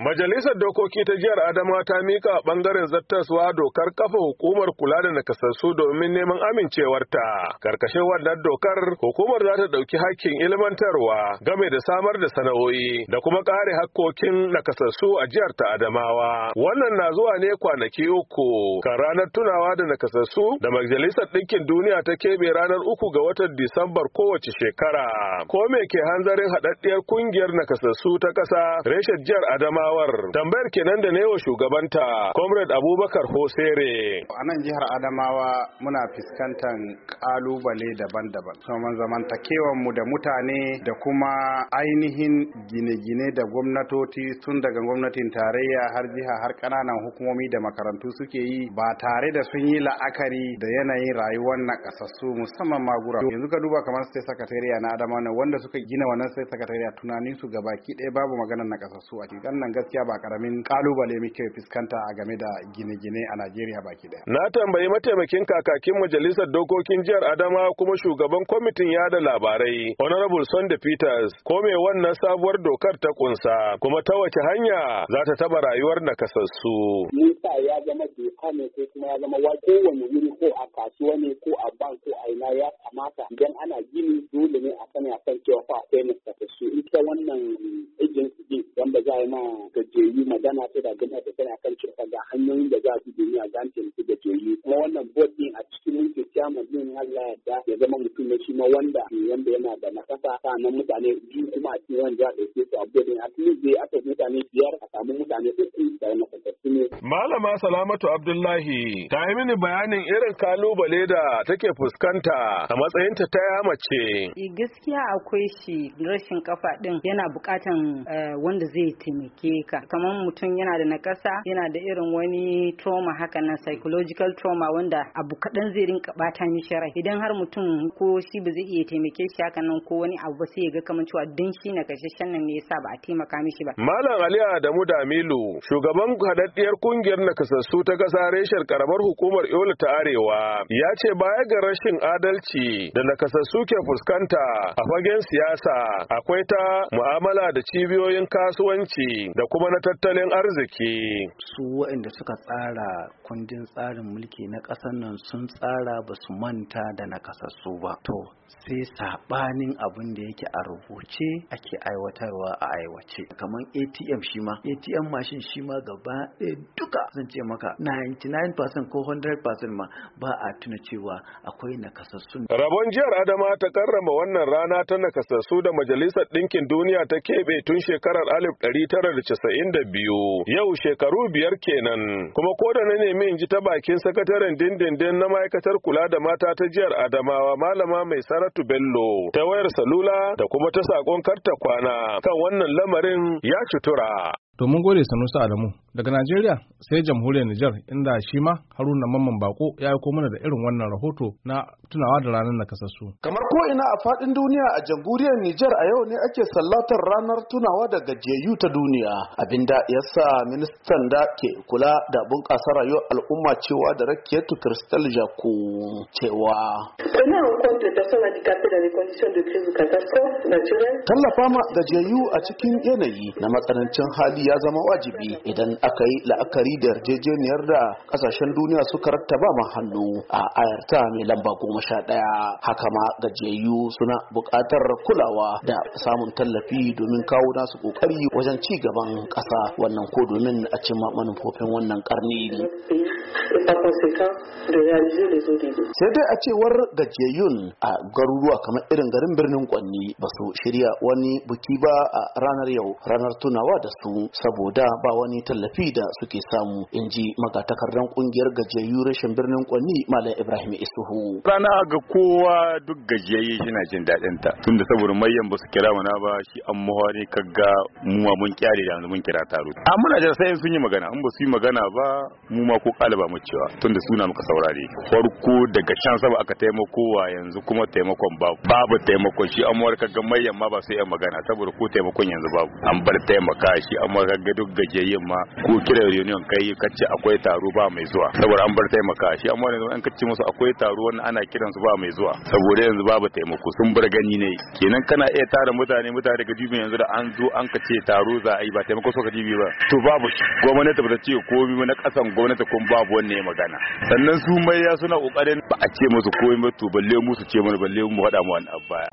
Majalisar Dokoki ta Jihar Adamawa ta mika bangaren zattaswa dokar kafa hukumar kula da nakasassu domin neman amincewarta. Karkashin wannan dokar, hukumar za ta ɗauki hakkin ilmantarwa game da samar da sana'o'i da kuma kare hakkokin nakasassu a jihar ta Adamawa. Wannan na zuwa ne kwanaki uku kan ranar tunawa da nakasassu da Majalisar Ɗinkin Duniya ta keɓe ranar uku ga watan Disambar kowace shekara. Ko me ke hanzarin haɗaɗɗiyar ƙungiyar nakasassu ta ƙasa reshen jihar Adamawa adamawar tambayar kenan da wa shugabanta comrade abubakar hosere a nan jihar adamawa muna fuskantar kalubale daban-daban kamar zamantakewan mu da mutane da kuma ainihin gine-gine da gwamnatoci tun daga gwamnatin tarayya har jiha har kananan hukumomi da makarantu suke yi ba tare da sun yi la'akari da yanayin rayuwar na kasassu musamman magura yanzu ka duba kamar state secretariat na adamawa wanda suka gina wannan state secretariat tunanin su gabaki ɗaya babu maganar na kasassu a cikin nan gaskiya ba karamin kalubale muke fuskanta a game da gine-gine a Najeriya baki daya. Na tambayi mataimakin kakakin majalisar dokokin jihar Adama kuma shugaban kwamitin yada labarai Honorable Sunday Peters ko me wannan sabuwar dokar ta kunsa kuma ta wace hanya za ta taba rayuwar nakasassu. Nisa ya zama doka ne ko kuma ya zama wa kowane wuri ko a kasuwa ne ko a ban ko a ina ya kamata idan ana gini dole ne a sani a san cewa fa akwai nakasassu ita wannan za a yi ma gajeyi magana ta da da tana kan cewa ga hanyoyin da za su duniya za su yi gajeyi kuma wannan bot din a cikin yanke chairman din Allah ya da ya zama mutum na shi ma wanda wanda yana da nakasa nan mutane biyu kuma a cikin wanda ya ɗauke su a bot din a cikin zai aka mutane biyar a samu mutane uku da nakasa Malama Salamatu Abdullahi ta yi mini bayanin irin kalubale da take fuskanta a matsayinta ta mace. Eh, gaskiya akwai shi rashin kafa din yana bukatan eh, wanda zai taimake ka. Kamar mutum yana da nakasa yana da irin wani trauma haka na psychological trauma wanda abu kaɗan zai rinka bata mishi rai. Idan har mutum ko shi ba zai iya taimake shi haka nan ko wani abu ba sai ya ga kamar cewa din shi na kashe nan ne yasa ba a taimaka mishi ba. Malam Ali Adamu Damilu shugaban haɗaɗɗiyar kungiyar kungiyar nakasassu ta kasa reshen karamar hukumar Yola ta Arewa ya ce baya ga rashin adalci da nakasassu ke fuskanta a fagen siyasa akwai ta mu'amala da cibiyoyin kasuwanci da kuma na tattalin arziki. Su waɗanda suka tsara kundin tsarin mulki na ƙasar nan sun tsara ba su manta da nakasassu ba. To sai saɓanin abin da yake a rubuce ake aiwatarwa a aiwace. Kamar ATM shi ma, ATM mashin shima, ma gaba ɗaya duk duka zan ce maka 99% ko 100% ma ba a tuna cewa akwai nakasassu. Rabon jihar Adama ta karrama wannan rana ta nakasassu da Majalisar Ɗinkin Duniya ta keɓe tun shekarar 1992 yau shekaru biyar kenan kuma ko da na nemi in ji ta bakin sakataren dindindin na ma'aikatar kula da mata ta Jiyar Adamawa malama mai Saratu Bello ta wayar salula da kuma ta saƙon karta kwana kan wannan lamarin ya cutura. To mun gode Sanusi Adamu daga Najeriya sai jamhuriyar Nijar inda shi ma Haruna Mamman Bako ya aiko mana da irin wannan rahoto na tunawa da ranar nakasassu. Kamar ko ina a fadin duniya a jamhuriyar Nijar a yau ne ake sallatar ranar tunawa da gajiyayyu ta duniya Abin da ya sa ministan da ke kula da bunƙasa rayuwar al'umma cewa da Rakiyatu Kristal Jaku cewa Tallafa ma gajiyayyu a cikin yanayi na matsanancin hali ya zama wajibi idan aka yi la'akari da yarjejeniyar da kasashen duniya suka rattaba ma hannu a ayar ta mai lamba goma sha ɗaya haka ma gajiyayyu suna buƙatar kulawa da samun tallafi domin kawo nasu ƙoƙari wajen ci gaban ƙasa wannan ko domin a cimma manufofin wannan ƙarni et par de réaliser les ODD. Sai dai a cewar gajiyayyun a garuruwa kamar irin garin birnin Kwanni ba su shirya wani buki ba a ranar yau ranar tunawa da su saboda ba wani tallafi da suke samu in ji magatakardan kungiyar gajiyayyu rashin birnin Kwanni Malam Ibrahim Isuhu. Rana ga kowa duk gajiyayye yana jin daɗin ta tunda saboda mayan ba su kira mana ba shi an muhari kaga mu mun kyare da mun kira taro. Amma na da sai sun yi magana in ba su yi magana ba mu ma ko kalaba ba mu cewa tun da suna muka saurare farko daga can saba aka taimako wa yanzu kuma taimakon babu babu taimakon shi an ka ga mayan ma ba sai yan magana saboda ko taimakon yanzu babu an bar taimaka shi an warka ga duk gajiyayyen ma ko kira reunion kai kace akwai taro ba mai zuwa saboda an bar taimaka shi an yanzu an kace musu akwai taro wannan ana kiran su ba mai zuwa saboda yanzu babu taimako sun bar gani ne kenan kana iya tara mutane mutane daga dubi yanzu da an zo an kace taro za a yi ba taimako so ka dubi ba to babu gwamnati ba ta ce komai na kasan gwamnati kun babu abu ne magana sannan su mai ya suna kokarin ba a ce musu komai ba to balle mu su ce mana balle mu hada mu wani abba baya